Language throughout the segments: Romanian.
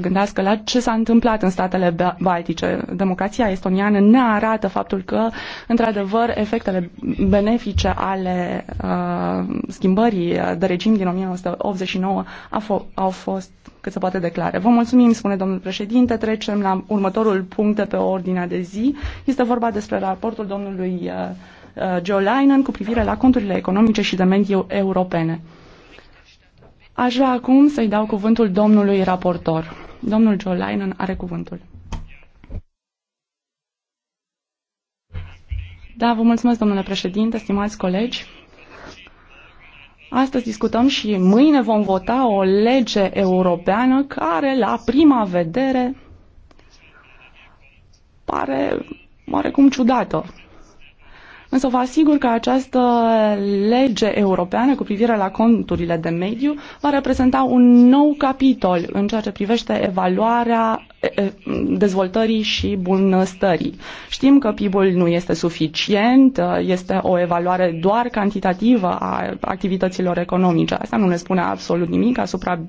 gândească la ce s-a întâmplat în statele baltice. Democrația estoniană ne arată faptul că, într-adevăr, efectele benefice ale uh, schimbării de regim din 1989 au, au fost cât se poate declare. Vă mulțumim, spune domnul președinte. Trecem la următorul punct de pe ordinea de zi. Este vorba despre raportul domnului uh, Joe uh, Leinen cu privire la conturile economice și de mediu europene. Aș vrea acum să-i dau cuvântul domnului raportor. Domnul Joe Linen are cuvântul. Da, vă mulțumesc, domnule președinte, stimați colegi. Astăzi discutăm și mâine vom vota o lege europeană care, la prima vedere, pare oarecum ciudată. Însă vă asigur că această lege europeană cu privire la conturile de mediu va reprezenta un nou capitol în ceea ce privește evaluarea dezvoltării și bunăstării. Știm că PIB-ul nu este suficient, este o evaluare doar cantitativă a activităților economice. Asta nu ne spune absolut nimic asupra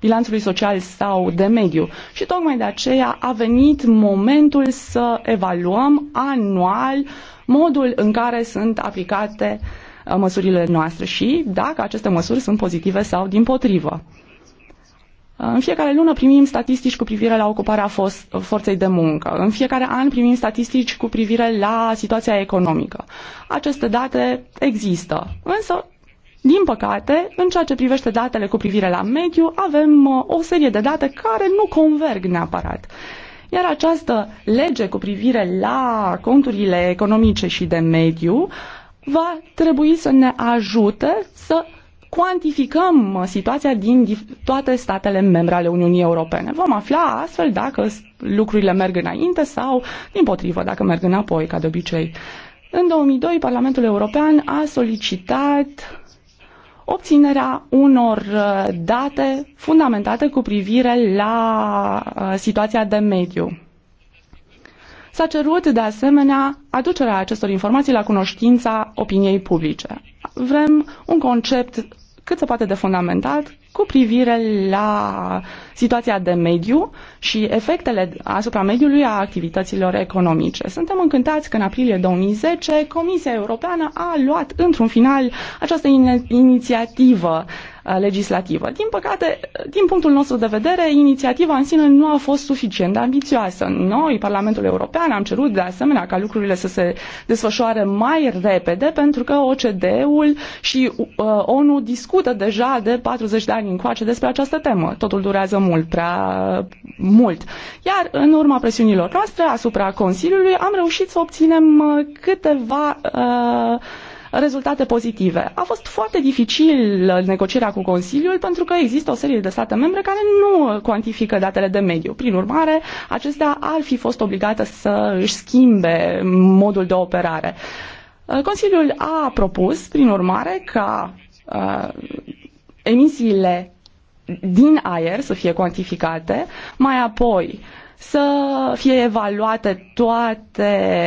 bilanțului social sau de mediu. Și tocmai de aceea a venit momentul să evaluăm anual uh, modul în care sunt aplicate uh, măsurile noastre și dacă aceste măsuri sunt pozitive sau din potrivă. Uh, în fiecare lună primim statistici cu privire la ocuparea forței de muncă. În fiecare an primim statistici cu privire la situația economică. Aceste date există, însă din păcate, în ceea ce privește datele cu privire la mediu, avem uh, o serie de date care nu converg neapărat. Iar această lege cu privire la conturile economice și de mediu va trebui să ne ajute să cuantificăm situația din toate statele membre ale Uniunii Europene. Vom afla astfel dacă lucrurile merg înainte sau, din potrivă, dacă merg înapoi, ca de obicei. În 2002, Parlamentul European a solicitat obținerea unor uh, date fundamentate cu privire la uh, situația de mediu. S-a cerut, de asemenea, aducerea acestor informații la cunoștința opiniei publice. Vrem un concept cât se poate de fundamentat cu privire la situația de mediu și efectele asupra mediului a activităților economice. Suntem încântați că în aprilie 2010 Comisia Europeană a luat într-un final această inițiativă Uh, legislativă. Din păcate, din punctul nostru de vedere, inițiativa în sine nu a fost suficient de ambițioasă. Noi, Parlamentul European, am cerut de asemenea ca lucrurile să se desfășoare mai repede pentru că OCDE-ul și uh, ONU discută deja de 40 de ani încoace despre această temă. Totul durează mult, prea mult. Iar în urma presiunilor noastre asupra Consiliului am reușit să obținem uh, câteva uh, rezultate pozitive. A fost foarte dificil uh, negocierea cu Consiliul pentru că există o serie de state membre care nu uh, cuantifică datele de mediu. Prin urmare, acestea ar fi fost obligate să își schimbe modul de operare. Uh, Consiliul a propus, prin urmare, ca uh, emisiile din aer să fie cuantificate, mai apoi să fie evaluate toate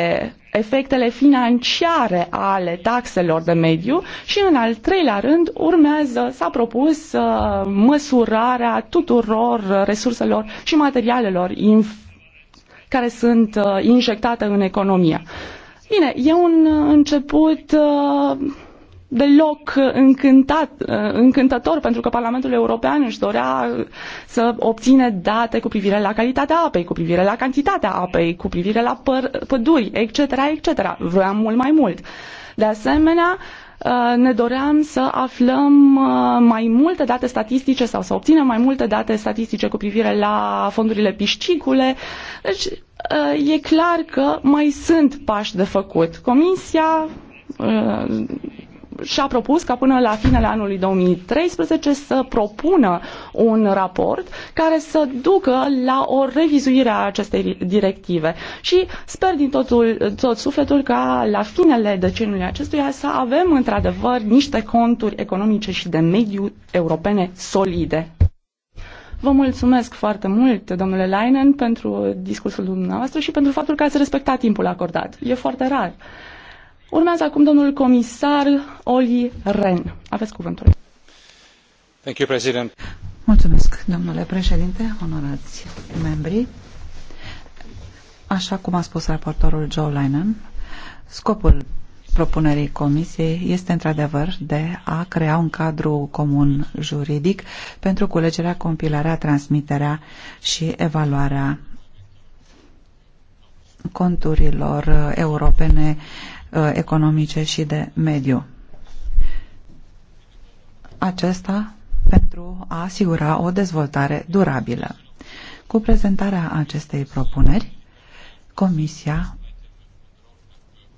efectele financiare ale taxelor de mediu și, în al treilea rând, urmează, s-a propus uh, măsurarea tuturor resurselor și materialelor care sunt uh, injectate în economie. Bine, e un uh, început uh, deloc încântat, încântător pentru că Parlamentul European își dorea să obține date cu privire la calitatea apei, cu privire la cantitatea apei, cu privire la păr- păduri, etc., etc. Vroiam mult mai mult. De asemenea, uh, ne doream să aflăm uh, mai multe date statistice sau să obținem mai multe date statistice cu privire la fondurile piscicule. Deci, uh, e clar că mai sunt pași de făcut. Comisia și-a propus ca până la finele anului 2013 să propună un raport care să ducă la o revizuire a acestei directive. Și sper din totul, tot sufletul ca la finele deceniului acestuia să avem într-adevăr niște conturi economice și de mediu europene solide. Vă mulțumesc foarte mult, domnule Leinen, pentru discursul dumneavoastră și pentru faptul că ați respectat timpul acordat. E foarte rar. Urmează acum domnul comisar Oli Ren. Aveți cuvântul. Thank you, President. Mulțumesc, domnule președinte, onorați membri. Așa cum a spus raportorul Joe Linen, scopul propunerii Comisiei este într-adevăr de a crea un cadru comun juridic pentru culegerea, compilarea, transmiterea și evaluarea conturilor europene Uh, economice și de mediu. Acesta pentru a asigura o dezvoltare durabilă. Cu prezentarea acestei propuneri, Comisia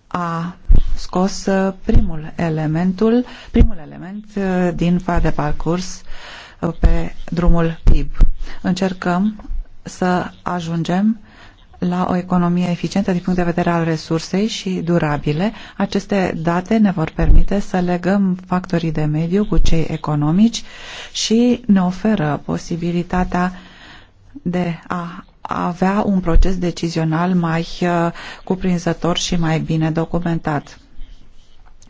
a scos uh, primul, elementul, primul element uh, din fa de parcurs pe drumul PIB. Încercăm să ajungem la o economie eficientă din punct de vedere al resursei și durabile. Aceste date ne vor permite să legăm factorii de mediu cu cei economici și ne oferă posibilitatea de a avea un proces decizional mai uh, cuprinzător și mai bine documentat.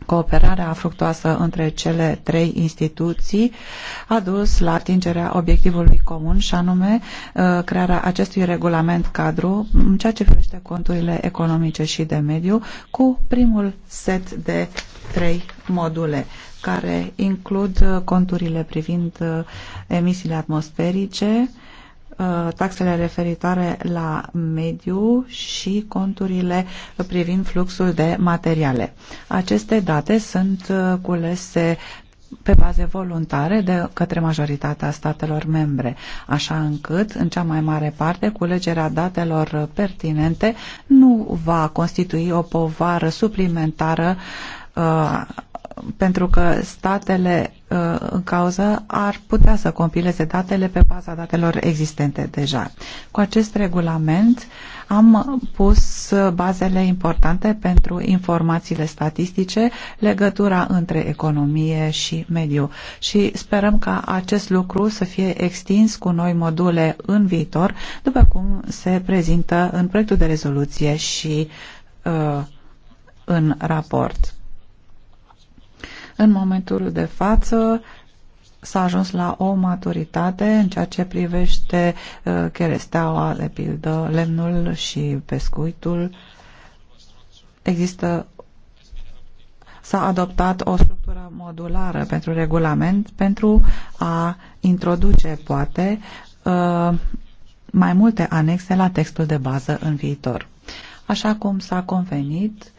Cooperarea fructuoasă între cele trei instituții a dus la atingerea obiectivului comun și anume uh, crearea acestui regulament cadru în ceea ce privește conturile economice și de mediu cu primul set de trei module care includ uh, conturile privind uh, emisiile atmosferice, Uh, taxele referitoare la mediu și conturile privind fluxul de materiale. Aceste date sunt uh, culese pe baze voluntare de către majoritatea statelor membre, așa încât, în cea mai mare parte, culegerea datelor pertinente nu va constitui o povară suplimentară uh, pentru că statele uh, în cauză ar putea să compileze datele pe baza datelor existente deja. Cu acest regulament am pus bazele importante pentru informațiile statistice, legătura între economie și mediu și sperăm ca acest lucru să fie extins cu noi module în viitor, după cum se prezintă în proiectul de rezoluție și uh, în raport. În momentul de față s-a ajuns la o maturitate în ceea ce privește uh, cheresteaua, de pildă, lemnul și pescuitul. Există s-a adoptat o structură modulară pentru regulament pentru a introduce, poate, uh, mai multe anexe la textul de bază în viitor. Așa cum s-a convenit,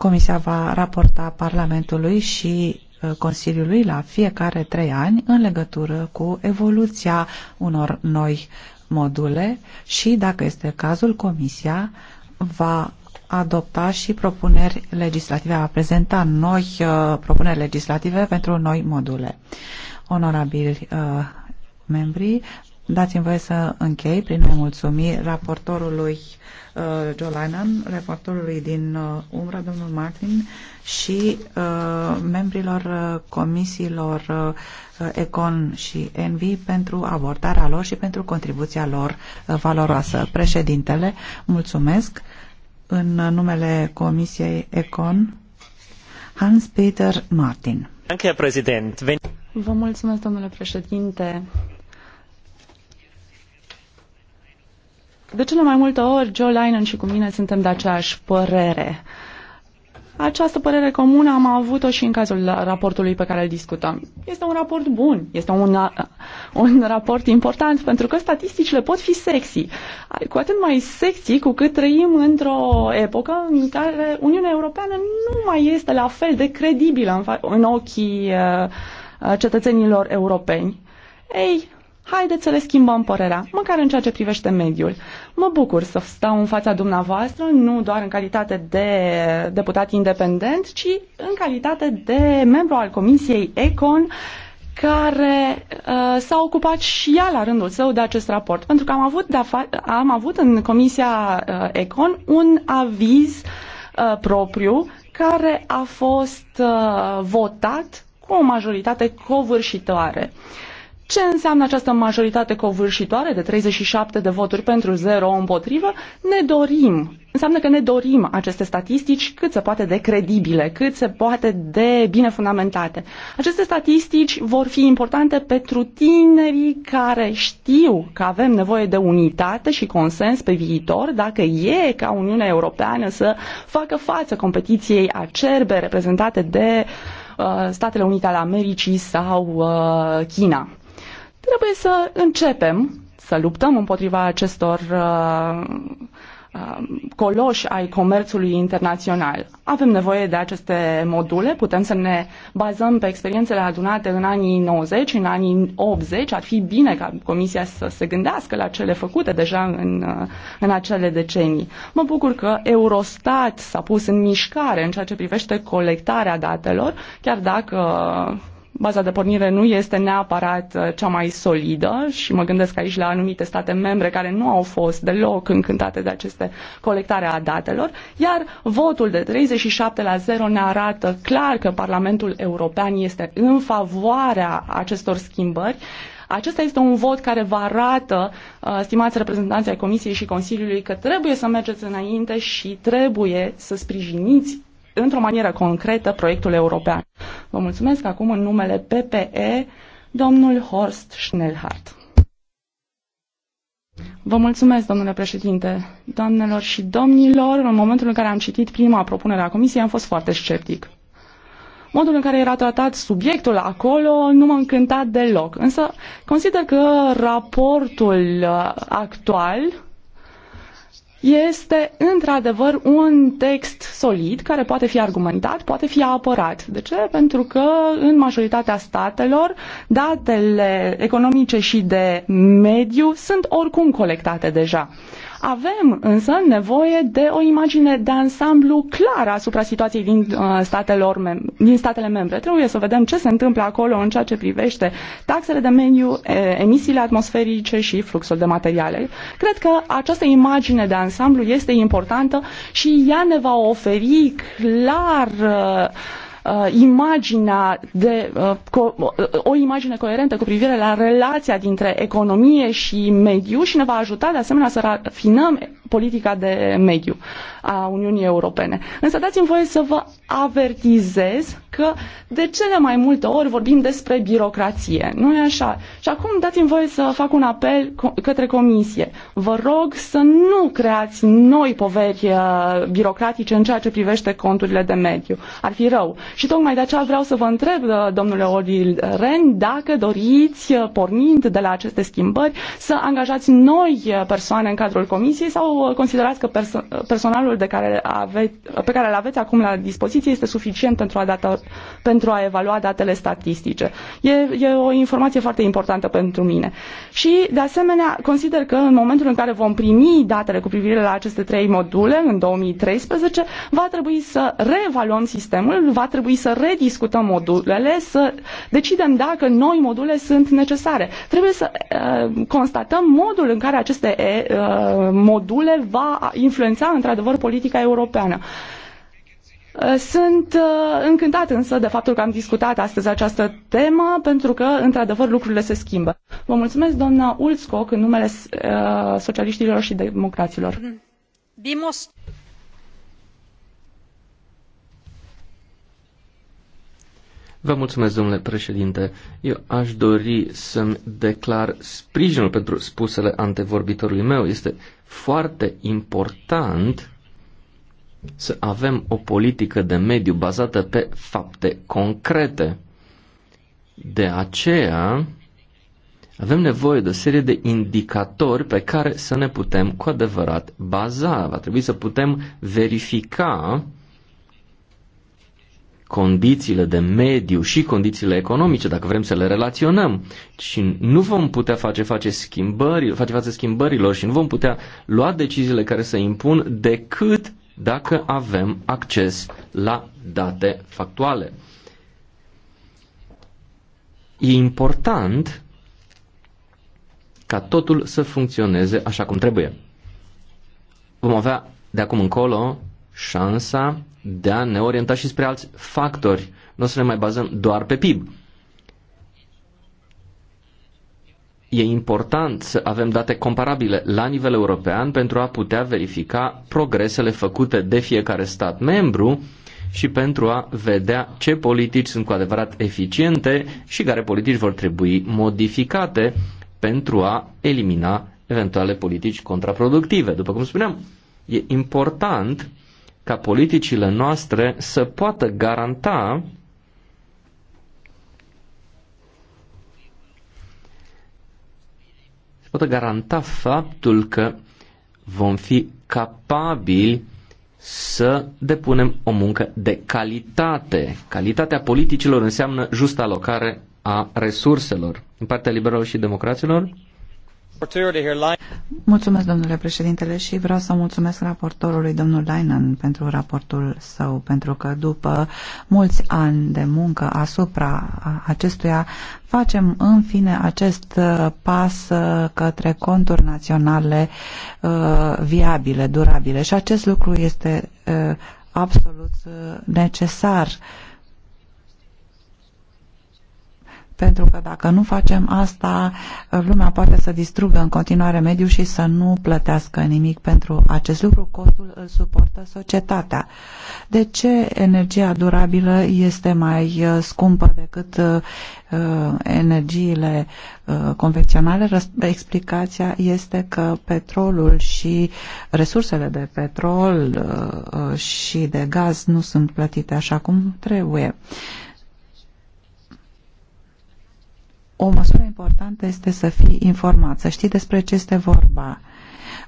Comisia va raporta Parlamentului și uh, Consiliului la fiecare trei ani în legătură cu evoluția unor noi module și, dacă este cazul, Comisia va adopta și propuneri legislative, va prezenta noi uh, propuneri legislative pentru noi module. Onorabili uh, membrii, Dați-mi voie să închei prin a mulțumi raportorului uh, Joe Linen, raportorului din uh, Umbra, domnul Martin, și uh, membrilor uh, comisiilor uh, Econ și Envi pentru abordarea lor și pentru contribuția lor uh, valoroasă. Președintele, mulțumesc în numele Comisiei Econ, Hans-Peter Martin. Vă mulțumesc, domnule președinte. De cele mai multe ori, Joe Linen și cu mine suntem de aceeași părere. Această părere comună am avut-o și în cazul raportului pe care îl discutăm. Este un raport bun, este un, uh, un raport important, pentru că statisticile pot fi sexy. Cu atât mai sexy cu cât trăim într-o epocă în care Uniunea Europeană nu mai este la fel de credibilă în, în ochii uh, cetățenilor europeni. Ei, Haideți să le schimbăm părerea, măcar în ceea ce privește mediul. Mă bucur să stau în fața dumneavoastră, nu doar în calitate de deputat independent, ci în calitate de membru al Comisiei ECON, care uh, s-a ocupat și ea la rândul său de acest raport. Pentru că am avut, de am avut în Comisia uh, ECON un aviz uh, propriu care a fost uh, votat cu o majoritate covârșitoare. Uh, ce înseamnă această majoritate covârșitoare de 37 de voturi pentru 0 împotrivă, ne dorim. Înseamnă că ne dorim aceste statistici cât se poate de credibile, cât se poate de bine fundamentate. Aceste statistici vor fi importante pentru tinerii care știu că avem nevoie de unitate și consens pe viitor dacă e ca Uniunea Europeană să facă față competiției acerbe reprezentate de uh, Statele Unite ale Americii sau uh, China. Trebuie să începem să luptăm împotriva acestor uh, uh, coloși ai comerțului internațional. Avem nevoie de aceste module, putem să ne bazăm pe experiențele adunate în anii 90, în anii 80. Ar fi bine ca Comisia să se gândească la cele făcute deja în, uh, în acele decenii. Mă bucur că Eurostat s-a pus în mișcare în ceea ce privește colectarea datelor, chiar dacă baza de pornire nu este neapărat uh, cea mai solidă și mă gândesc aici la anumite state membre care nu au fost deloc încântate de aceste colectare a datelor, iar votul de 37 la 0 ne arată clar că Parlamentul European este în favoarea acestor schimbări acesta este un vot care vă arată, uh, stimați reprezentanții ai Comisiei și Consiliului, că trebuie să mergeți înainte și trebuie să sprijiniți într-o manieră concretă proiectul european. Vă mulțumesc acum în numele PPE, domnul Horst Schnellhardt. Vă mulțumesc, domnule președinte. Doamnelor și domnilor, în momentul în care am citit prima propunere a Comisiei, am fost foarte sceptic. Modul în care era tratat subiectul acolo nu m-a încântat deloc, însă consider că raportul uh, actual este într-adevăr un text solid care poate fi argumentat, poate fi apărat. De ce? Pentru că în majoritatea statelor datele economice și de mediu sunt oricum colectate deja. Avem însă nevoie de o imagine de ansamblu clară asupra situației din, uh, statelor mem- din statele membre. Trebuie să vedem ce se întâmplă acolo în ceea ce privește taxele de mediu, emisiile atmosferice și fluxul de materiale. Cred că această imagine de ansamblu este importantă și ea ne va oferi clar uh, Uh, imaginea de, uh, uh, o imagine coerentă cu privire la relația dintre economie și mediu și ne va ajuta de asemenea să rafinăm politica de mediu a Uniunii Europene. Însă dați-mi voie să vă avertizez că de cele mai multe ori vorbim despre birocrație. Nu e așa? Și acum dați-mi voie să fac un apel către Comisie. Vă rog să nu creați noi poveri uh, birocratice în ceea ce privește conturile de mediu. Ar fi rău. Și tocmai de aceea vreau să vă întreb, uh, domnule Oril Ren, dacă doriți, uh, pornind de la aceste schimbări, să angajați noi persoane în cadrul Comisiei sau considerați că perso- personalul Instrumentarul de care ave, pe care îl aveți acum la dispoziție este suficient pentru a, data, pentru a evalua datele statistice. E, e o informație foarte importantă pentru mine. Și, de asemenea, consider că în momentul în care vom primi datele cu privire la aceste trei module, în 2013, va trebui să reevaluăm sistemul, va trebui să rediscutăm modulele, să decidem dacă noi module sunt necesare. Trebuie să uh, constatăm modul în care aceste uh, module va influența într-adevăr politica europeană. Uh, sunt uh, încântat însă de faptul că am discutat astăzi această temă, pentru că, într-adevăr, lucrurile se schimbă. Vă mulțumesc, doamna Ulscoc, în numele uh, socialiștilor și democraților. Dimos. Vă mulțumesc, domnule președinte. Eu aș dori să-mi declar sprijinul pentru spusele antevorbitorului meu. Este foarte important să avem o politică de mediu bazată pe fapte concrete. De aceea avem nevoie de o serie de indicatori pe care să ne putem cu adevărat baza. Va trebui să putem verifica condițiile de mediu și condițiile economice, dacă vrem să le relaționăm. Și nu vom putea face, face, schimbări, face față schimbărilor și nu vom putea lua deciziile care să impun decât dacă avem acces la date factuale. E important ca totul să funcționeze așa cum trebuie. Vom avea de acum încolo șansa de a ne orienta și spre alți factori. Nu o să ne mai bazăm doar pe PIB. E important să avem date comparabile la nivel european pentru a putea verifica progresele făcute de fiecare stat membru și pentru a vedea ce politici sunt cu adevărat eficiente și care politici vor trebui modificate pentru a elimina eventuale politici contraproductive. După cum spuneam, e important ca politicile noastre să poată garanta se poate garanta faptul că vom fi capabili să depunem o muncă de calitate. Calitatea politicilor înseamnă justa alocare a resurselor. În partea liberală și democraților, Mulțumesc, domnule președintele, și vreau să mulțumesc raportorului, domnul Leinen, pentru raportul său, pentru că după mulți ani de muncă asupra acestuia, facem în fine acest uh, pas uh, către conturi naționale uh, viabile, durabile și acest lucru este absolut necesar Pentru că dacă nu facem asta, lumea poate să distrugă în continuare mediul și să nu plătească nimic pentru acest lucru. Costul îl suportă societatea. De ce energia durabilă este mai uh, scumpă decât uh, uh, energiile convenționale? Explicația este că petrolul și resursele de petrol și de gaz nu sunt plătite așa cum trebuie. o măsură importantă este să fii informat, să știi despre ce este vorba.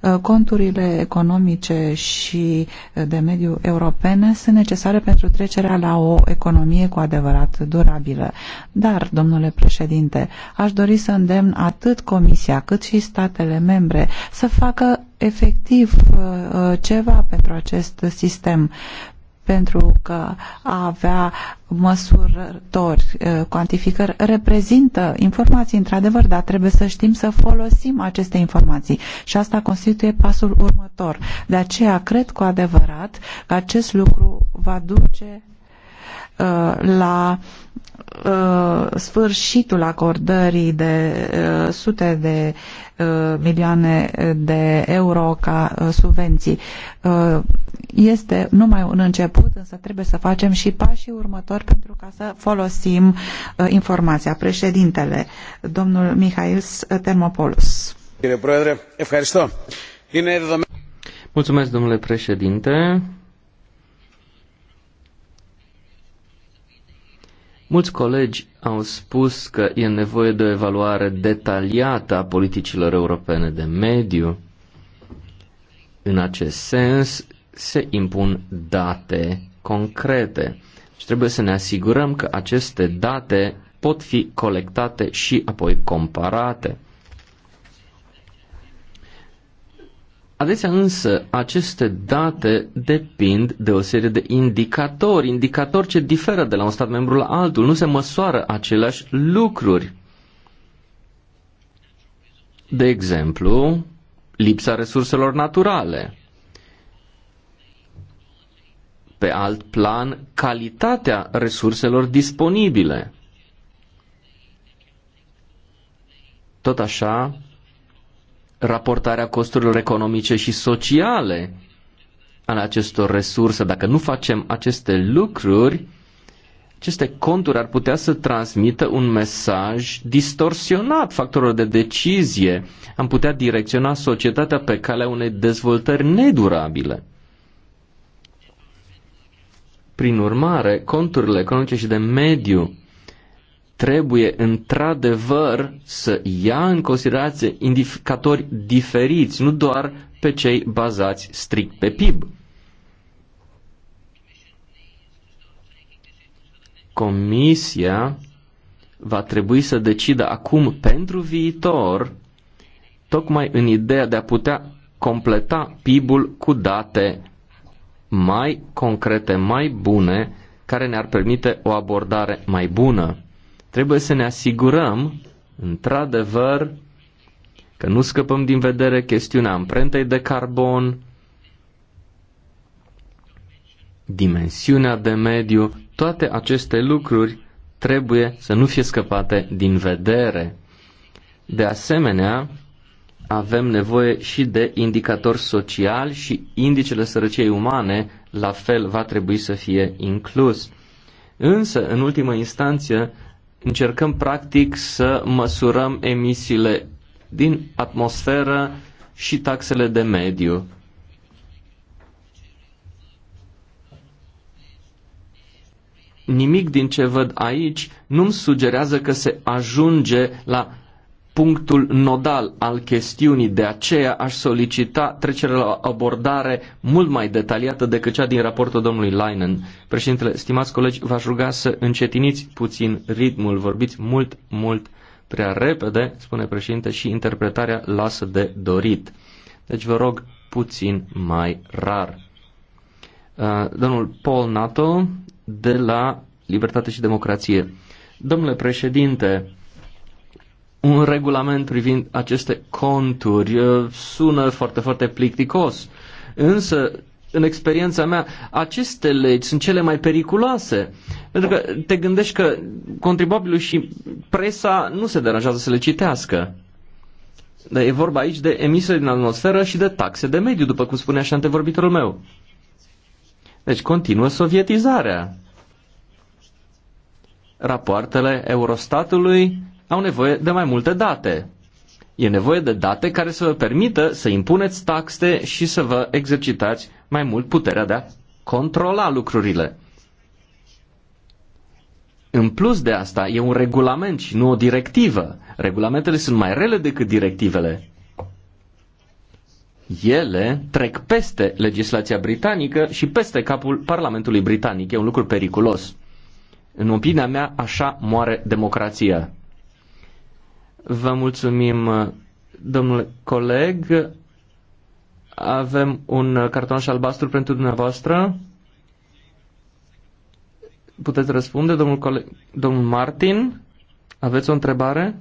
Uh, conturile economice și uh, de mediu europene sunt necesare pentru trecerea la o economie cu adevărat durabilă. Dar, domnule președinte, aș dori să îndemn atât Comisia cât și statele membre să facă efectiv uh, ceva pentru acest sistem, pentru că a avea măsurători, uh, cuantificări, reprezintă informații, într-adevăr, dar trebuie să știm să folosim aceste informații și asta constituie pasul următor. De aceea cred cu adevărat că acest lucru va duce Uh, la uh, sfârșitul acordării de uh, sute de milioane de euro ca subvenții. Este numai un început, însă trebuie să facem și pașii următori pentru ca să folosim informația. Președintele, domnul Mihail Termopoulos. Mulțumesc, domnule președinte. Mulți colegi au spus că e nevoie de o evaluare detaliată a politicilor europene de mediu. În acest sens, se impun date concrete și trebuie să ne asigurăm că aceste date pot fi colectate și apoi comparate. Adesea însă aceste date depind de o serie de indicatori, indicatori ce diferă de la un stat membru la altul, nu se măsoară aceleași lucruri. De exemplu, lipsa resurselor naturale. Pe alt plan, calitatea resurselor disponibile. Tot așa, raportarea costurilor economice și sociale ale acestor resurse. Dacă nu facem aceste lucruri, aceste conturi ar putea să transmită un mesaj distorsionat factorilor de decizie. Am putea direcționa societatea pe calea unei dezvoltări nedurabile. Prin urmare, conturile economice și de mediu trebuie într-adevăr să ia în considerație indicatori diferiți, nu doar pe cei bazați strict pe PIB. Comisia va trebui să decidă acum pentru viitor, tocmai în ideea de a putea completa PIB-ul cu date mai concrete, mai bune, care ne-ar permite o abordare mai bună. Trebuie să ne asigurăm, într-adevăr, că nu scăpăm din vedere chestiunea amprentei de carbon, dimensiunea de mediu, toate aceste lucruri trebuie să nu fie scăpate din vedere. De asemenea, avem nevoie și de indicatori sociali și indicele sărăciei umane, la fel va trebui să fie inclus. Însă, în ultimă instanță, Încercăm practic să măsurăm emisiile din atmosferă și taxele de mediu. Nimic din ce văd aici nu-mi sugerează că se ajunge la punctul nodal al chestiunii. De aceea aș solicita trecerea la abordare mult mai detaliată decât cea din raportul domnului Leinen. Președintele, stimați colegi, v-aș ruga să încetiniți puțin ritmul, vorbiți mult, mult prea repede, spune președinte, și interpretarea lasă de dorit. Deci vă rog puțin mai rar. Uh, domnul Paul Nato de la Libertate și Democrație. Domnule președinte, un regulament privind aceste conturi. Uh, sună foarte, foarte plicticos. Însă, în experiența mea, aceste legi sunt cele mai periculoase. Pentru că te gândești că contribuabilul și presa nu se deranjează să le citească. Dar e vorba aici de emisiile din atmosferă și de taxe de mediu, după cum spunea și antevorbitorul meu. Deci continuă sovietizarea. Rapoartele Eurostatului au nevoie de mai multe date. E nevoie de date care să vă permită să impuneți taxe și să vă exercitați mai mult puterea de a controla lucrurile. În plus de asta, e un regulament și nu o directivă. Regulamentele sunt mai rele decât directivele. Ele trec peste legislația britanică și peste capul Parlamentului britanic. E un lucru periculos. În opinia mea, așa moare democrația. Vă mulțumim, domnule coleg. Avem un și albastru pentru dumneavoastră. Puteți răspunde, domnul, coleg, domnul Martin? Aveți o întrebare?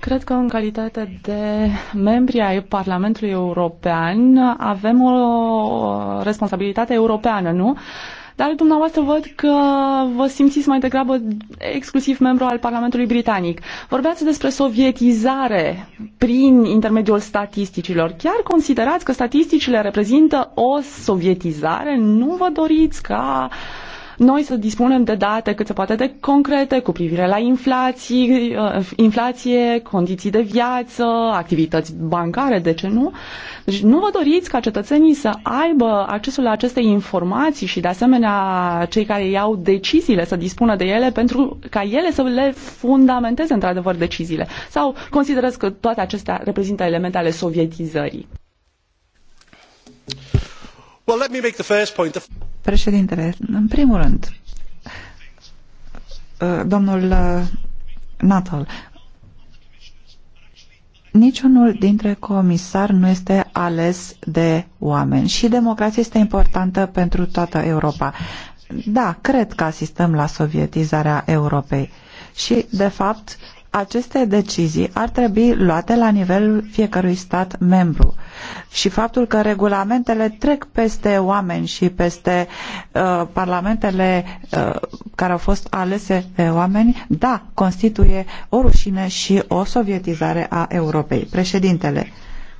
Cred că în calitate de membri ai Parlamentului European avem o responsabilitate europeană, nu? Uh, dar dumneavoastră văd că vă simțiți mai degrabă exclusiv membru al Parlamentului Britanic. Vorbeați despre sovietizare prin intermediul statisticilor. Chiar considerați că statisticile reprezintă o sovietizare? Nu vă doriți ca uh, noi să dispunem de date cât se poate de concrete cu privire la inflații, uh, inflație, condiții de viață, activități bancare, de ce nu? Deci nu vă doriți ca cetățenii să aibă accesul la aceste informații și de asemenea cei care iau deciziile să dispună de ele pentru ca ele să le fundamenteze într-adevăr deciziile. Sau considerați că toate acestea reprezintă elemente ale sovietizării? Well, let me make the first point. Președintele, în primul rând, uh, domnul uh, Natal, niciunul dintre comisari nu este ales de oameni și democrația este importantă pentru toată Europa. Da, cred că asistăm la sovietizarea Europei și, de fapt, aceste decizii ar trebui luate la nivelul fiecărui stat membru. Și faptul că regulamentele trec peste oameni și peste uh, parlamentele uh, care au fost alese de oameni, da, constituie o rușine și o sovietizare a Europei. Președintele,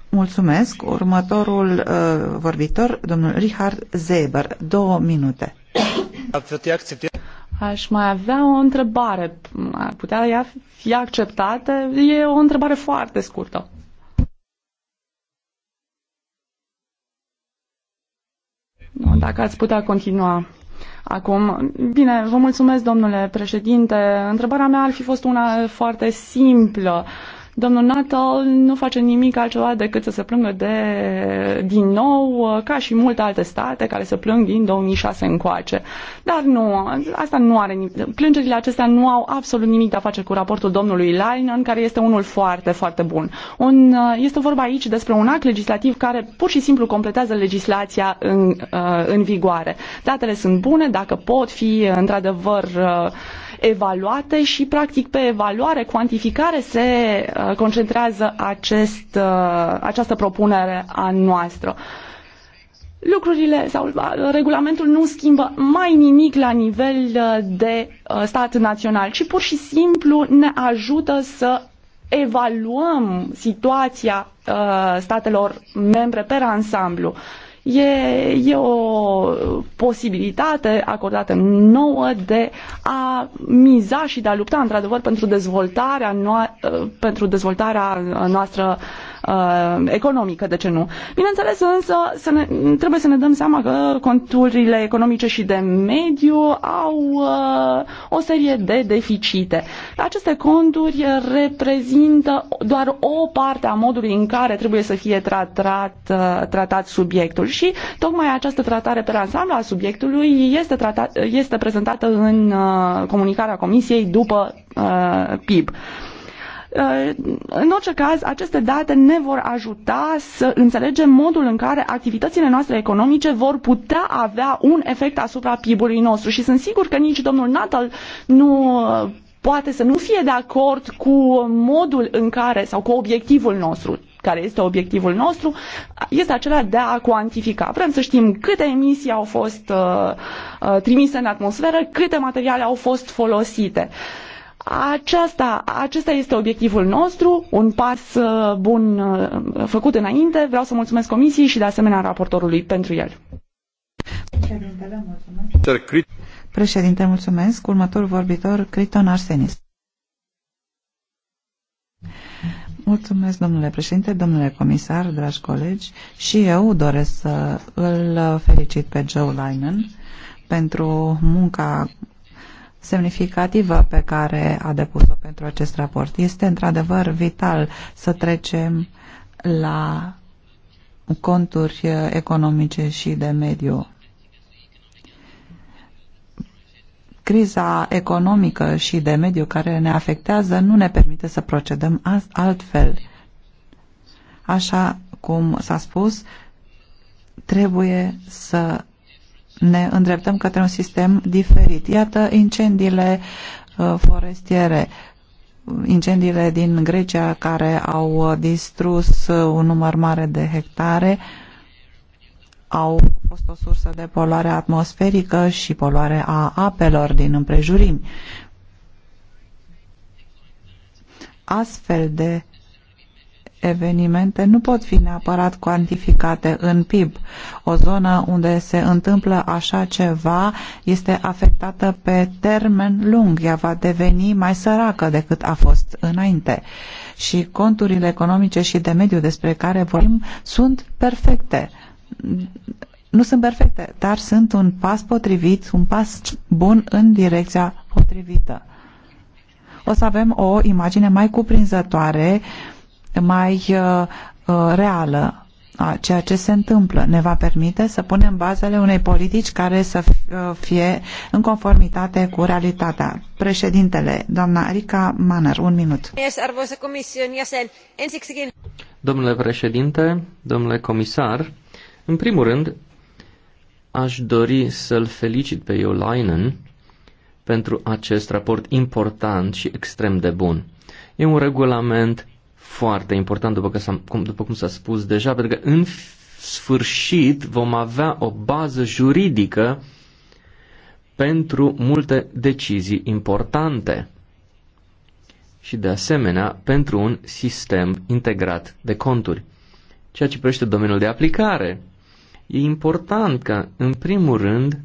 mulțumesc. Următorul uh, vorbitor, domnul Richard Zeber, două minute. Aș mai avea o întrebare. Ar putea ea fi acceptată? E o întrebare foarte scurtă. Nu, dacă ați putea continua acum. Bine, vă mulțumesc, domnule președinte. Întrebarea mea ar fi fost una foarte simplă. Uh, Domnul Natal nu face nimic altceva decât să se plângă de, din nou, uh, ca și multe alte state care se plâng din 2006 încoace. Dar nu, asta nu are plângerile acestea nu au absolut nimic de a face cu raportul domnului Leinen, care este unul foarte, foarte bun. Un, uh, este vorba aici despre un act legislativ care pur și simplu completează legislația în, uh, în vigoare. Datele sunt bune, dacă pot fi într-adevăr evaluate și, practic, pe evaluare, cuantificare se uh, concentrează acest, uh, această propunere a noastră lucrurile sau uh, regulamentul nu schimbă mai nimic la nivel de stat național, ci pur și simplu ne ajută să evaluăm situația statelor membre per ansamblu. E, e o posibilitate acordată nouă de a miza și de a lupta într-adevăr pentru dezvoltarea, noa- pentru dezvoltarea noastră uh, uh, economică, de ce nu? Bineînțeles, însă, să ne, trebuie să ne dăm seama că conturile economice și de mediu au uh, o serie de deficite. Aceste conturi reprezintă doar o parte a modului în care trebuie să fie tratat, trat, uh, tratat subiectul și tocmai această tratare pe ansamblu a subiectului este, tratat, este prezentată în uh, comunicarea Comisiei după uh, PIB. Uh, Uh, în orice caz, aceste date ne vor ajuta să înțelegem modul în care activitățile noastre economice vor putea avea un efect asupra PIB-ului nostru și sunt sigur că nici domnul Natal nu uh, poate să nu fie de acord cu modul în care sau cu obiectivul nostru care este obiectivul nostru, este acela de a cuantifica. Vrem să știm câte emisii au fost uh, uh trimise în atmosferă, câte materiale au fost folosite. Uh, aceasta, acesta este obiectivul nostru, un pas uh, bun uh, făcut înainte. Vreau să mulțumesc Comisiei și de asemenea raportorului pentru el. Președintele, mulțumesc. Președinte, mulțumesc. Următorul vorbitor, Criton Arsenis. Mulțumesc, domnule președinte, domnule comisar, dragi colegi. Și eu doresc să îl felicit pe Joe Lyman pentru munca semnificativă pe care a depus-o pentru acest raport. Este într-adevăr vital să trecem la conturi economice și de mediu. Criza economică și de mediu care ne afectează nu ne permite să procedăm altfel. Așa cum s-a spus, trebuie să ne îndreptăm către un sistem diferit. Iată incendiile uh, forestiere, incendiile din Grecia care au distrus un număr mare de hectare, au fost o sursă de poluare atmosferică și poluare a apelor din împrejurimi. Astfel de evenimente nu pot fi neapărat cuantificate în PIB. O zonă unde se întâmplă așa ceva este afectată pe termen lung, ea va deveni mai săracă decât a fost înainte. Și conturile economice și de mediu despre care vorbim sunt perfecte. Nu sunt perfecte, dar sunt un pas potrivit, un pas bun în direcția potrivită. O să avem o imagine mai cuprinzătoare uh, mai uh, uh, reală a ceea ce se întâmplă ne va permite să punem bazele unei politici care să uh, fie în conformitate cu realitatea. Președintele, doamna Rica Manner, un minut. Domnule președinte, domnule comisar, în primul rând aș dori să-l felicit pe Iolainen pentru acest raport important și extrem de bun. E un regulament foarte important, după, că cum, după cum s-a spus deja, pentru că în sfârșit vom avea o bază juridică pentru multe decizii importante și, de asemenea, pentru un sistem integrat de conturi. Ceea ce privește domeniul de aplicare, e important ca, în primul rând,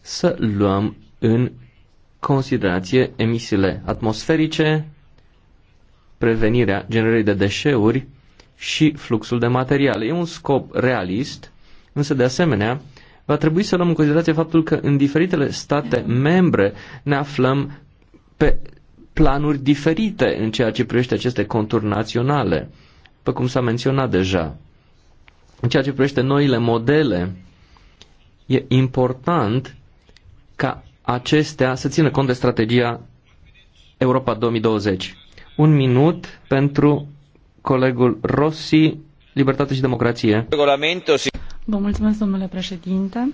să luăm în considerație emisiile atmosferice, prevenirea generării de deșeuri și fluxul de materiale. E un scop realist, însă de asemenea va trebui să luăm în considerație faptul că în diferitele state membre ne aflăm pe planuri diferite în ceea ce privește aceste conturi naționale, pe cum s-a menționat deja. În ceea ce privește noile modele, e important ca acestea să țină cont de strategia Europa 2020. Un minut pentru colegul Rossi, Libertate și Democrație. Vă mulțumesc, domnule președinte.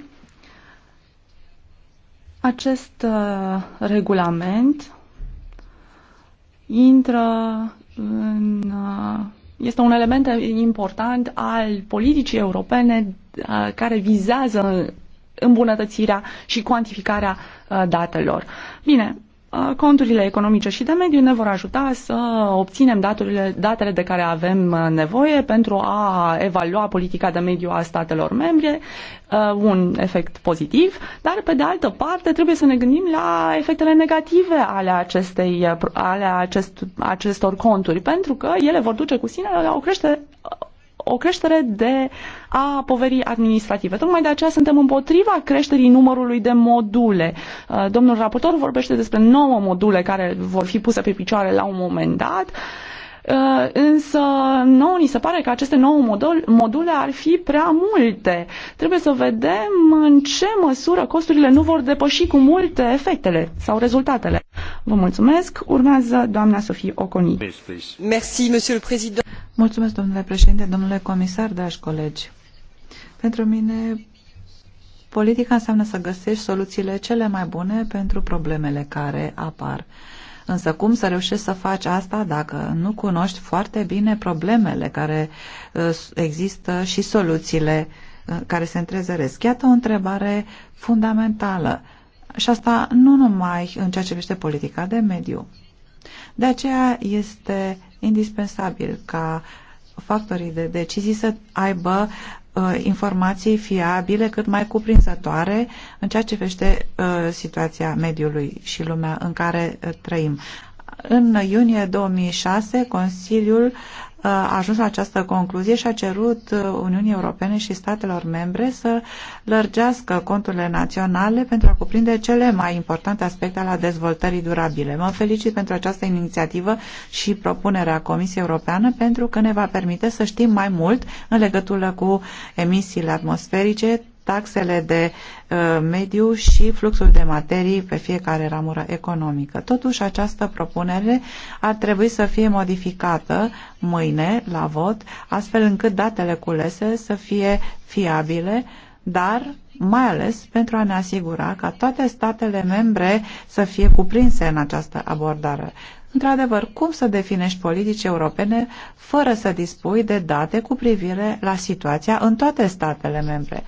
Acest uh, regulament intră în. Uh, este un element important al politicii europene uh, care vizează îmbunătățirea și cuantificarea uh, datelor. Bine, conturile economice și de mediu ne vor ajuta să obținem datele, datele de care avem nevoie pentru a evalua politica de mediu a statelor membre, un efect pozitiv, dar pe de altă parte trebuie să ne gândim la efectele negative ale, acestei, ale acest, acestor conturi, pentru că ele vor duce cu sine la o creștere o creștere de a poverii administrative. Tocmai de aceea suntem împotriva creșterii numărului de module. Uh, domnul raportor vorbește despre nouă module care vor fi puse pe picioare la un moment dat Uh, însă nouă ni se pare că aceste nouă module ar fi prea multe. Trebuie să vedem în ce măsură costurile nu vor depăși cu multe efectele sau rezultatele. Vă mulțumesc. Urmează doamna Sofie Oconi. Merci, monsieur le président. Mulțumesc, domnule președinte, domnule comisar, dragi colegi. Pentru mine, politica înseamnă să găsești soluțiile cele mai bune pentru problemele care apar. Însă cum să reușești să faci asta dacă nu cunoști foarte bine problemele care uh, există și soluțiile uh, care se întrezăresc? Iată o întrebare fundamentală și asta nu numai în ceea ce privește politica de mediu. De aceea este indispensabil ca factorii de decizii să aibă Uh, informații fiabile, cât mai cuprinzătoare în ceea ce vește uh, situația mediului și lumea în care uh, trăim. În iunie 2006, Consiliul a ajuns la această concluzie și a cerut uh, Uniunii Europene și statelor membre să lărgească conturile naționale pentru a cuprinde cele mai importante aspecte ale dezvoltării durabile. Mă felicit pentru această inițiativă și propunerea Comisiei Europeană pentru că ne va permite să știm mai mult în legătură cu emisiile atmosferice, taxele de uh, mediu și fluxul de materii pe fiecare ramură economică. Totuși, această propunere ar trebui să fie modificată mâine la vot, astfel încât datele culese să fie fiabile, dar mai ales pentru a ne asigura ca toate statele membre să fie cuprinse în această abordare. Într-adevăr, cum să definești politici europene fără să dispui de date cu privire la situația în toate statele membre?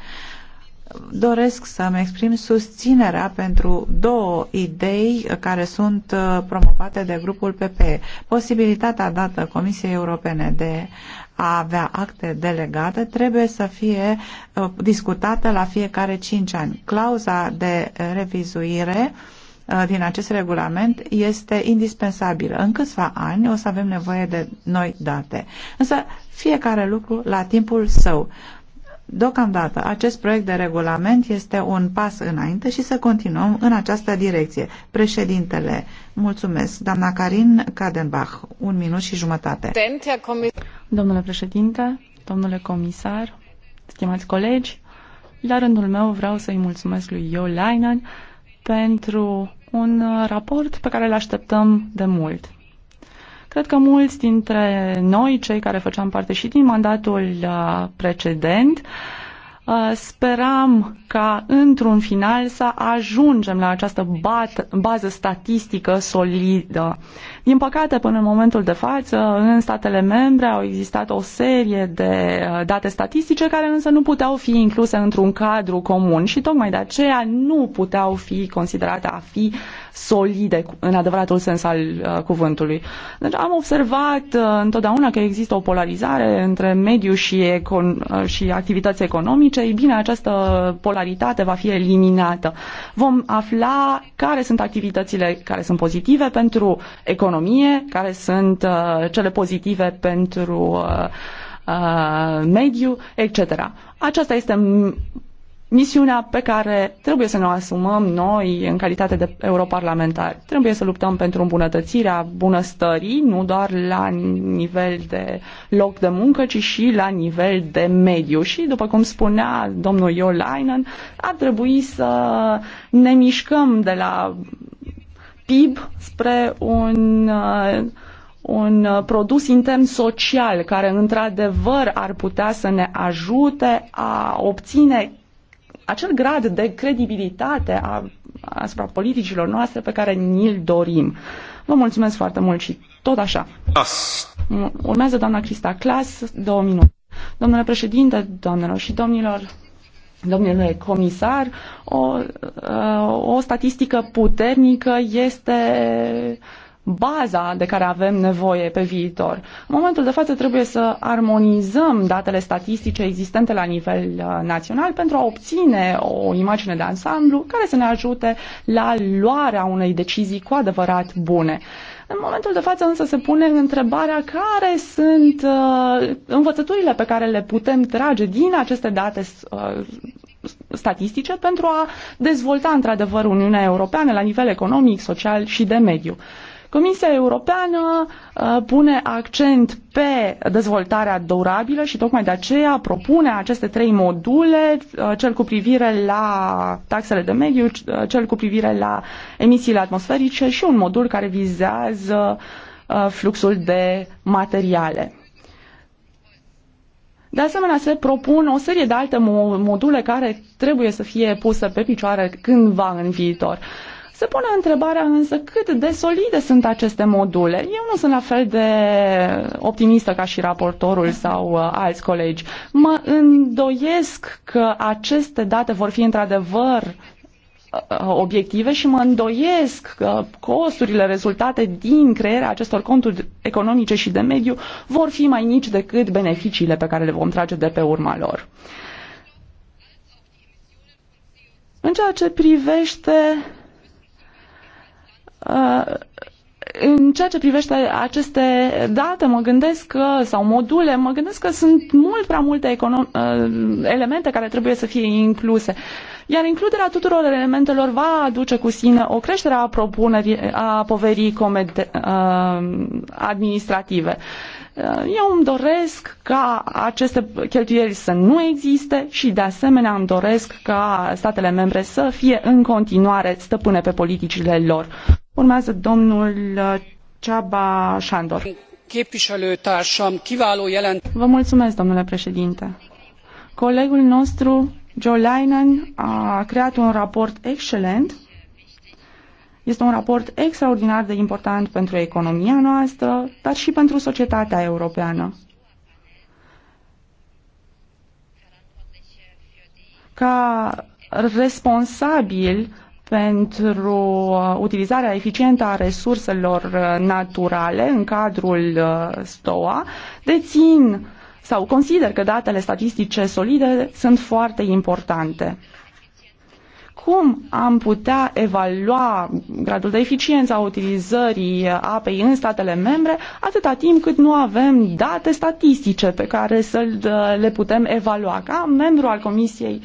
doresc să-mi exprim susținerea pentru două idei care sunt uh, promovate de grupul PPE. Posibilitatea dată Comisiei Europene de a avea acte delegate trebuie să fie uh, discutată la fiecare cinci ani. Clauza de revizuire uh, din acest regulament este indispensabilă. În câțiva ani o să avem nevoie de noi date. Însă fiecare lucru la timpul său. Deocamdată, acest proiect de regulament este un pas înainte și să continuăm în această direcție. Președintele, mulțumesc. Doamna Karin Kadenbach, un minut și jumătate. Domnule președinte, domnule comisar, stimați colegi, la rândul meu vreau să-i mulțumesc lui Jo Leinen pentru un raport pe care îl așteptăm de mult. Cred că mulți dintre noi, cei care făceam parte și din mandatul uh, precedent, uh, speram ca într-un final să ajungem la această bază statistică solidă. Din păcate, până în momentul de față, în statele membre au existat o serie de uh, date statistice care însă nu puteau fi incluse într-un cadru comun și tocmai de aceea nu puteau fi considerate a fi solide, în adevăratul sens al uh, cuvântului. Deci am observat uh, întotdeauna că există o polarizare între mediu și, econ- uh, și activități economice. Ei bine, această polaritate va fi eliminată. Vom afla care sunt activitățile care sunt pozitive pentru economie, care sunt uh, cele pozitive pentru uh, uh mediu, etc. Aceasta este misiunea pe care trebuie să ne o asumăm noi în calitate de europarlamentari. Trebuie să luptăm pentru îmbunătățirea bunăstării, nu doar la nivel de loc de muncă, ci și la nivel de mediu. Și, după cum spunea domnul Iolainen, ar trebui să ne mișcăm de la PIB spre un uh, un produs intern social care într-adevăr ar putea să ne ajute a obține acel grad de credibilitate a, asupra politicilor noastre pe care ni-l dorim. Vă mulțumesc foarte mult și tot așa. Urmează doamna Crista Clas, două minute. Domnule președinte, doamnelor și domnilor, domnule comisar, o, uh, o statistică puternică este baza de care avem nevoie pe viitor. În momentul de față trebuie să armonizăm datele statistice existente la nivel uh, național pentru a obține o imagine de ansamblu care să ne ajute la luarea unei decizii cu adevărat bune. În momentul de față însă se pune întrebarea care sunt uh, învățăturile pe care le putem trage din aceste date uh, statistice pentru a dezvolta într-adevăr Uniunea Europeană la nivel economic, social și de mediu. Uh, Comisia Europeană uh, pune accent pe dezvoltarea durabilă și tocmai de aceea propune aceste trei module, uh, cel cu privire la taxele de mediu, uh, cel cu privire la emisiile atmosferice și un modul care vizează fluxul de materiale. De asemenea, se propun o serie de alte module care trebuie să fie puse pe picioare cândva în viitor. Uh, se pune întrebarea însă cât de solide sunt aceste module. Eu nu sunt la fel de optimistă ca și raportorul sau uh, alți colegi. Mă îndoiesc că aceste date vor fi într-adevăr uh, uh, obiective și mă îndoiesc că costurile rezultate din crearea acestor conturi economice și de mediu vor fi mai mici decât beneficiile pe care le vom trage de pe urma lor. În ceea ce privește Uh, în ceea ce privește aceste date, mă gândesc că, sau module, mă gândesc că sunt mult prea multe uh, elemente care trebuie să fie incluse. Iar includerea tuturor elementelor va aduce cu sine o creștere a propunerii, a poverii uh, administrative. Eu îmi doresc ca aceste cheltuieli să nu existe și de asemenea îmi doresc ca statele membre să fie în continuare stăpâne pe politicile lor. Urmează domnul uh, Ceaba Șandor. Vă mulțumesc, domnule președinte. Colegul nostru, Joe Leinen, a creat un raport excelent. Este un raport extraordinar de important pentru economia noastră, dar și pentru societatea europeană. Ca responsabil pentru uh, utilizarea eficientă a resurselor uh, naturale în cadrul uh, STOA dețin sau consider că datele statistice solide sunt foarte importante. Cum am putea evalua gradul de eficiență a utilizării apei în statele membre atâta timp cât nu avem date statistice pe care să le putem evalua? Ca membru al Comisiei uh,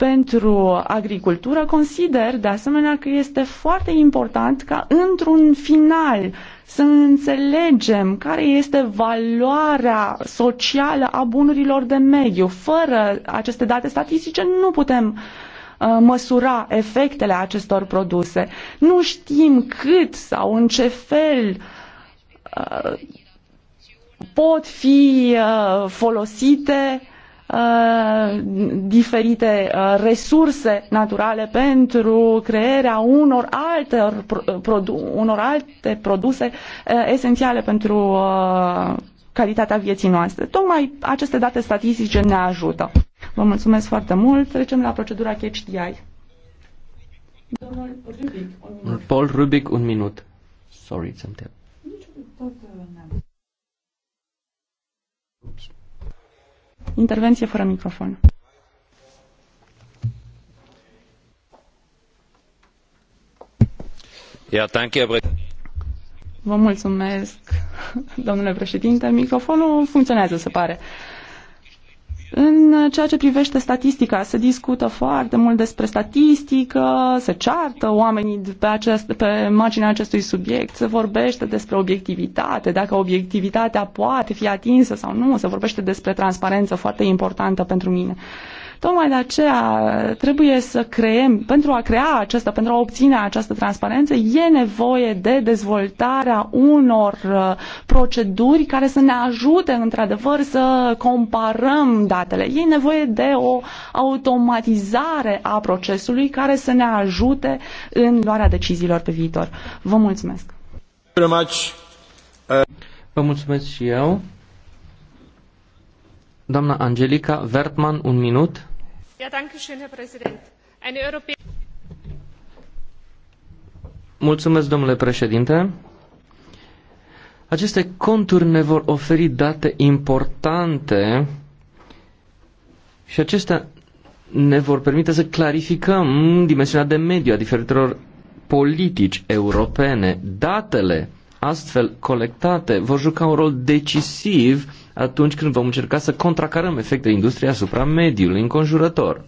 pentru agricultură, consider de asemenea că este foarte important ca într-un final să înțelegem care este valoarea socială a bunurilor de mediu. Fără aceste date statistice nu putem uh, măsura efectele acestor produse. Nu știm cât sau în ce fel uh, pot fi uh, folosite Uh, diferite uh, resurse naturale pentru crearea unor alte, produ- unor alte produse uh, esențiale pentru calitatea vieții noastre. Tocmai aceste date statistice ne ajută. Vă mulțumesc foarte mult. Trecem la procedura CHDI. Domnul Rubic, un minut. Paul Rubic, un minut. Sorry, suntem. Niciodată n-am. Intervenție fără microfon. Yeah, thank you. Vă mulțumesc, domnule președinte. Microfonul funcționează, se pare. Uh, în ceea ce privește statistica, se discută foarte mult despre statistică, se ceartă oamenii pe, acest, pe marginea acestui subiect, se vorbește despre obiectivitate, dacă obiectivitatea poate fi atinsă sau nu, se vorbește despre transparență foarte importantă pentru mine. Uh, Tocmai de aceea trebuie să creem, pentru a crea această, pentru a obține această transparență, e nevoie de dezvoltarea unor uh, proceduri care să ne ajute într-adevăr să comparăm datele. E nevoie de o automatizare a procesului care să ne ajute în luarea deciziilor pe viitor. Vă mulțumesc! Vă mulțumesc și eu. Doamna Angelica Werthmann un minut. Ja, danke schön, Herr Präsident. Eine Europä Mulțumesc, domnule președinte. Aceste conturi ne vor oferi date importante și acestea ne vor permite să clarificăm dimensiunea de mediu a diferitelor politici europene. Datele astfel colectate vor juca un rol decisiv atunci când vom încerca să contracarăm efectele industriei asupra mediului înconjurător.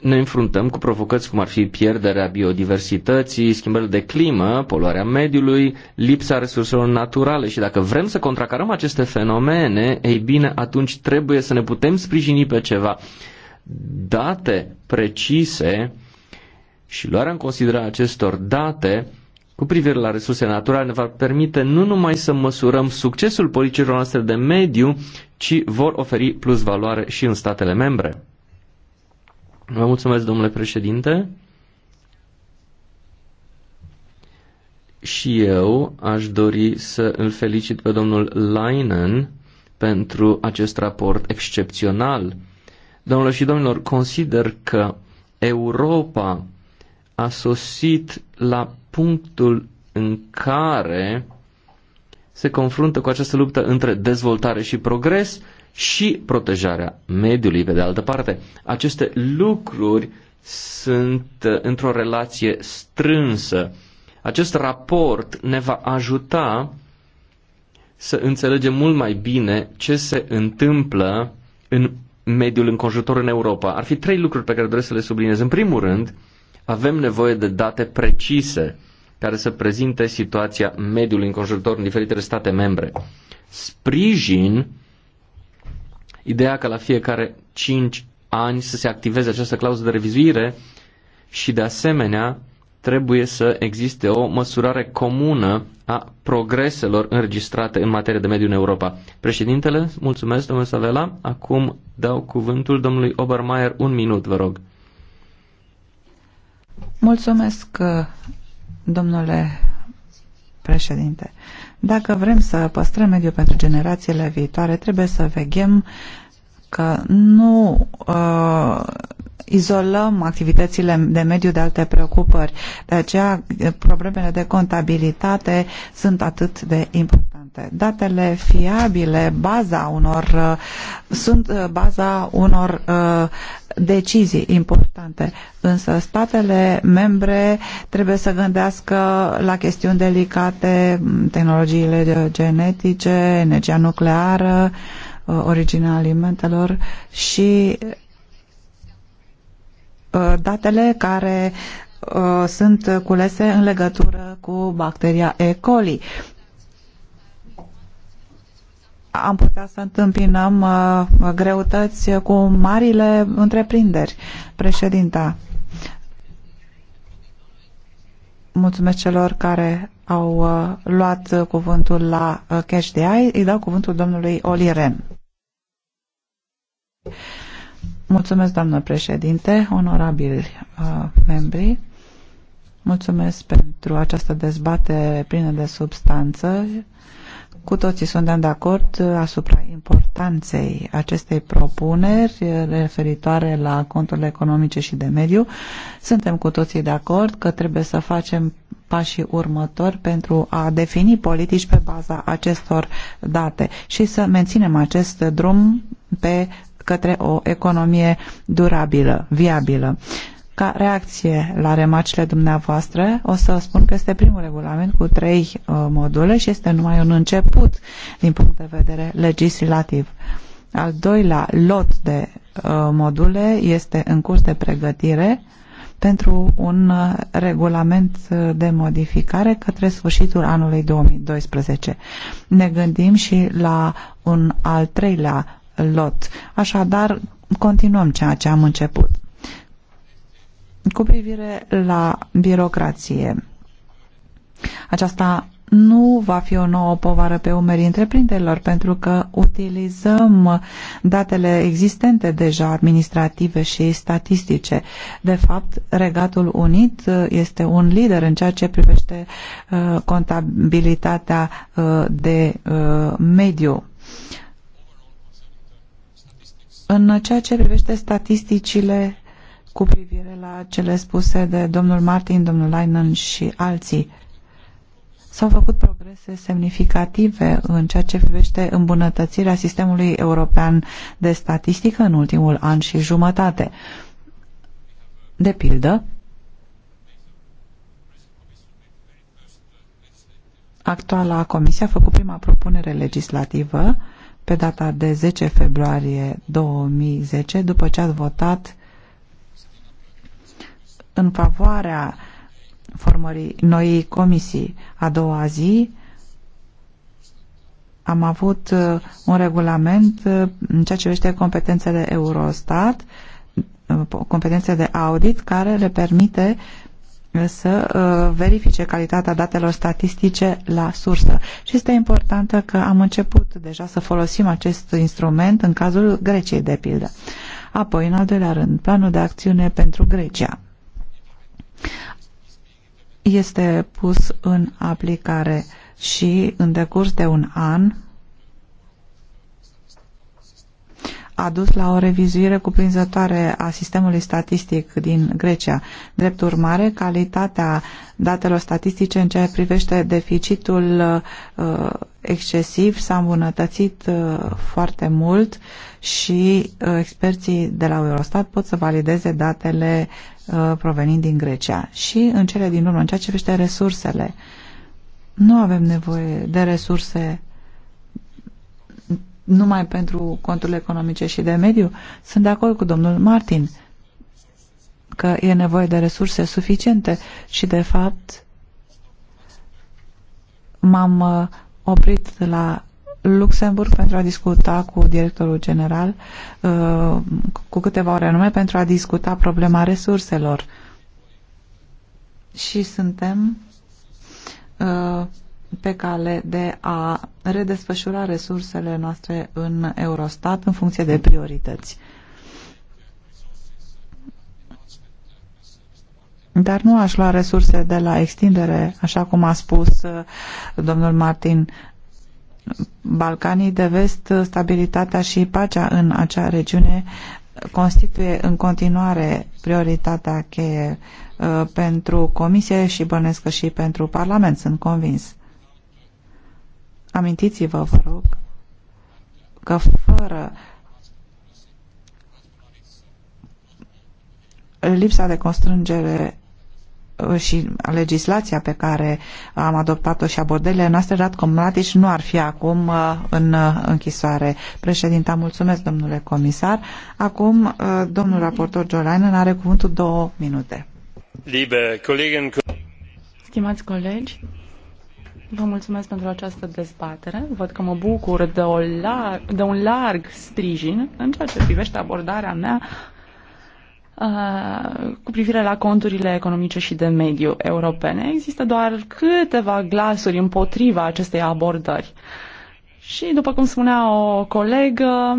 Ne înfruntăm cu provocări cum ar fi pierderea biodiversității, schimbările de climă, poluarea mediului, lipsa resurselor naturale și dacă vrem să contracarăm aceste fenomene, ei bine, atunci trebuie să ne putem sprijini pe ceva. Date precise și luarea în considerare acestor date cu privire la resurse naturale ne va permite nu numai să măsurăm succesul politicilor noastre de mediu, ci vor oferi plus valoare și în statele membre. Vă mulțumesc, domnule președinte. Și eu aș dori să îl felicit pe domnul Leinen pentru acest raport excepțional. Domnilor și domnilor, consider că Europa a sosit la punctul în care se confruntă cu această luptă între dezvoltare și progres și protejarea mediului, pe de altă parte. Aceste lucruri sunt uh, într-o relație strânsă. Acest raport ne va ajuta să înțelegem mult mai bine ce se întâmplă în mediul înconjurător în Europa. Ar fi trei lucruri pe care doresc să le subliniez. În primul rând, avem nevoie de date precise care să prezinte situația mediului înconjurător în diferitele state membre. Sprijin ideea că la fiecare 5 ani să se activeze această clauză de revizuire și de asemenea trebuie să existe o măsurare comună a progreselor înregistrate în materie de mediu în Europa. Președintele, mulțumesc, domnule Savela. Acum dau cuvântul domnului Obermeier. Un minut, vă rog. Mulțumesc, uh, domnule președinte. Dacă vrem să păstrăm mediul pentru generațiile viitoare, trebuie să veghem că nu uh, izolăm activitățile de mediu de alte preocupări. De aceea, problemele de contabilitate sunt atât de importante importante. Datele fiabile, baza unor, uh, sunt uh, baza unor uh, decizii importante, însă statele membre trebuie să gândească la chestiuni delicate, mm, tehnologiile genetice, energia nucleară, originea alimentelor și datele care sunt culese în legătură cu bacteria E. coli am putea să întâmpinăm uh, greutăți cu marile întreprinderi. Președinta, mulțumesc celor care au uh, luat cuvântul la uh, Cash de AI. Îi dau cuvântul domnului Oli Ren. Mulțumesc, doamnă președinte, onorabili uh, membri. Mulțumesc pentru această dezbatere plină de substanță. Uh, cu toții suntem de acord asupra importanței acestei propuneri referitoare la conturile economice și de mediu. Suntem cu toții de acord că trebuie să facem pașii următori pentru a defini politici pe baza acestor date și să menținem acest drum pe către o economie durabilă, viabilă ca reacție la remarcile dumneavoastră, o să spun că este primul regulament cu trei uh, module și este numai un început din punct de vedere legislativ. Al doilea lot de uh, module este în curs de pregătire pentru un uh, regulament de modificare către sfârșitul anului 2012. Ne gândim și la un al treilea lot. Așadar, continuăm ceea ce am început. Cu privire la birocrație, aceasta nu va fi o nouă povară pe umerii întreprinderilor, pentru că utilizăm datele existente deja administrative și statistice. De fapt, Regatul Unit uh, este un lider în ceea ce privește uh, contabilitatea uh, de mediu. În ceea ce privește statisticile cu privire la cele spuse de domnul Martin, domnul Leinen și alții. S-au făcut progrese semnificative în ceea ce privește îmbunătățirea sistemului european de statistică în ultimul an și jumătate. De pildă, actuala comisie a făcut prima propunere legislativă pe data de 10 februarie 2010, după ce a votat în favoarea formării noii comisii. A doua zi am avut uh, un regulament uh, în ceea ce vește competențele Eurostat, uh, competențe de audit, care le permite să verifice calitatea datelor statistice la sursă. Și este importantă că am început deja să folosim acest instrument în cazul Greciei, de pildă. Apoi, în al doilea rând, planul de acțiune pentru Grecia este pus în aplicare și în decurs de un an a dus la o revizuire cuprinzătoare a sistemului statistic din Grecia. Drept urmare, calitatea datelor statistice în ceea ce privește deficitul uh, excesiv s-a îmbunătățit uh, foarte mult și uh, experții de la Eurostat pot să valideze datele uh, provenind din Grecia. Și în cele din urmă, în ceea ce privește resursele, nu avem nevoie de resurse numai pentru conturile economice și de mediu. Sunt de acord cu domnul Martin că e nevoie de resurse suficiente și, de fapt, m-am uh, oprit la Luxemburg pentru a discuta cu directorul general uh, cu câteva ore anume pentru a discuta problema resurselor. Și suntem uh, pe cale de a redesfășura resursele noastre în Eurostat în funcție de priorități. Dar nu aș lua resurse de la extindere, așa cum a spus uh, domnul Martin. Balcanii de vest, uh, stabilitatea și pacea în acea regiune constituie în continuare prioritatea cheie uh, pentru Comisie și bănescă și pentru Parlament, sunt convins. Amintiți-vă, vă rog, că fără lipsa de constrângere uh, și legislația pe care am adoptat-o și abordările noastre, dat Mladic nu ar fi acum uh, în uh, închisoare. Președinta, mulțumesc, domnule comisar. Acum, domnul raportor Giolainen are cuvântul două minute. Liebe Stimați colegi, Vă mulțumesc pentru această dezbatere. Văd că mă bucur de, o lar- de un larg sprijin în ceea ce privește abordarea mea uh, cu privire la conturile economice și de mediu europene. Există doar câteva glasuri împotriva acestei abordări. Și, după cum spunea o colegă,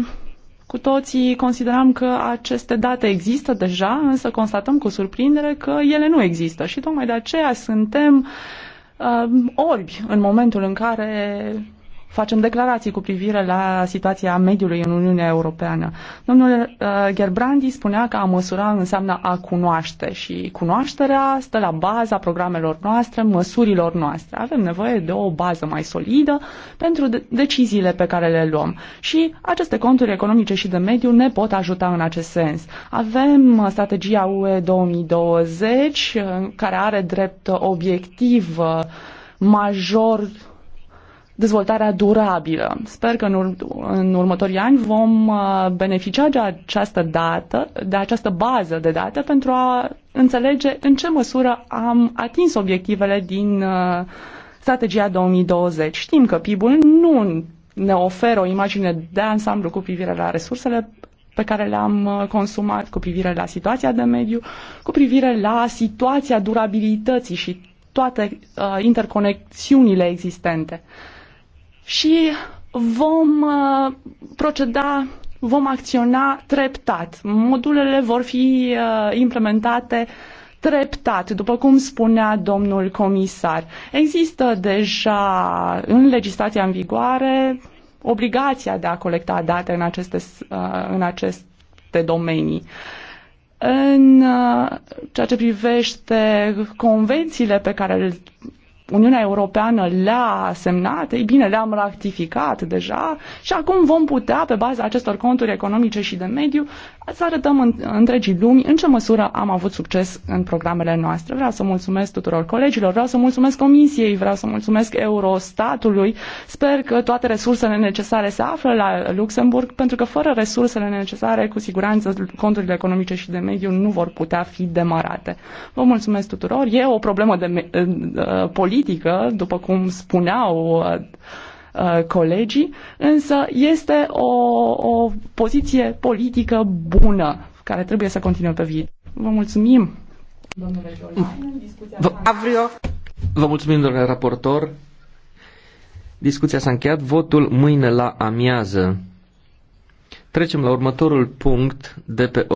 cu toții consideram că aceste date există deja, însă constatăm cu surprindere că ele nu există și tocmai de aceea suntem uh, Um, orbi în momentul în care facem declarații cu privire la situația mediului în Uniunea Europeană. Domnul uh, Gerbrandi spunea că a măsura înseamnă a cunoaște și cunoașterea stă la baza programelor noastre, măsurilor noastre. Avem nevoie de o bază mai solidă pentru deciziile pe care le luăm. Și aceste conturi economice și de mediu ne pot ajuta în acest sens. Avem uh, strategia UE 2020 uh, care are drept obiectiv major dezvoltarea durabilă. Sper că în, ur- în următorii ani vom uh, beneficia de această dată, de această bază de date pentru a înțelege în ce măsură am atins obiectivele din uh, strategia 2020. Știm că PIB-ul nu ne oferă o imagine de ansamblu cu privire la resursele pe care le-am uh, consumat, cu privire la situația de mediu, cu privire la situația durabilității și toate uh, interconexiunile existente. Uh, și vom uh, proceda, vom acționa treptat. Modulele vor fi uh, implementate treptat, după cum spunea domnul comisar. Există deja în legislația în vigoare obligația de a colecta date în aceste, uh, în aceste domenii. În ceea ce privește convențiile pe care Uniunea Europeană le-a semnat, ei bine, le-am ratificat deja și acum vom putea, pe baza acestor conturi economice și de mediu, să arătăm în, întregii lumi în ce măsură am avut succes în programele noastre. Vreau să mulțumesc tuturor colegilor, vreau să mulțumesc Comisiei, vreau să mulțumesc Eurostatului. Sper că toate resursele necesare se află la Luxemburg, pentru că fără resursele necesare, cu siguranță, conturile economice și de mediu nu vor putea fi demarate. Vă mulțumesc tuturor. E o problemă de, de, de, de politică politică, după cum spuneau uh, uh, colegii, însă este o, o poziție politică bună care trebuie să continue pe viitor. Vă mulțumim! Domnule Jolainen, discuția... Vă mulțumim, domnule raportor. Discuția s-a încheiat. Votul mâine la amiază. Trecem la următorul punct de pe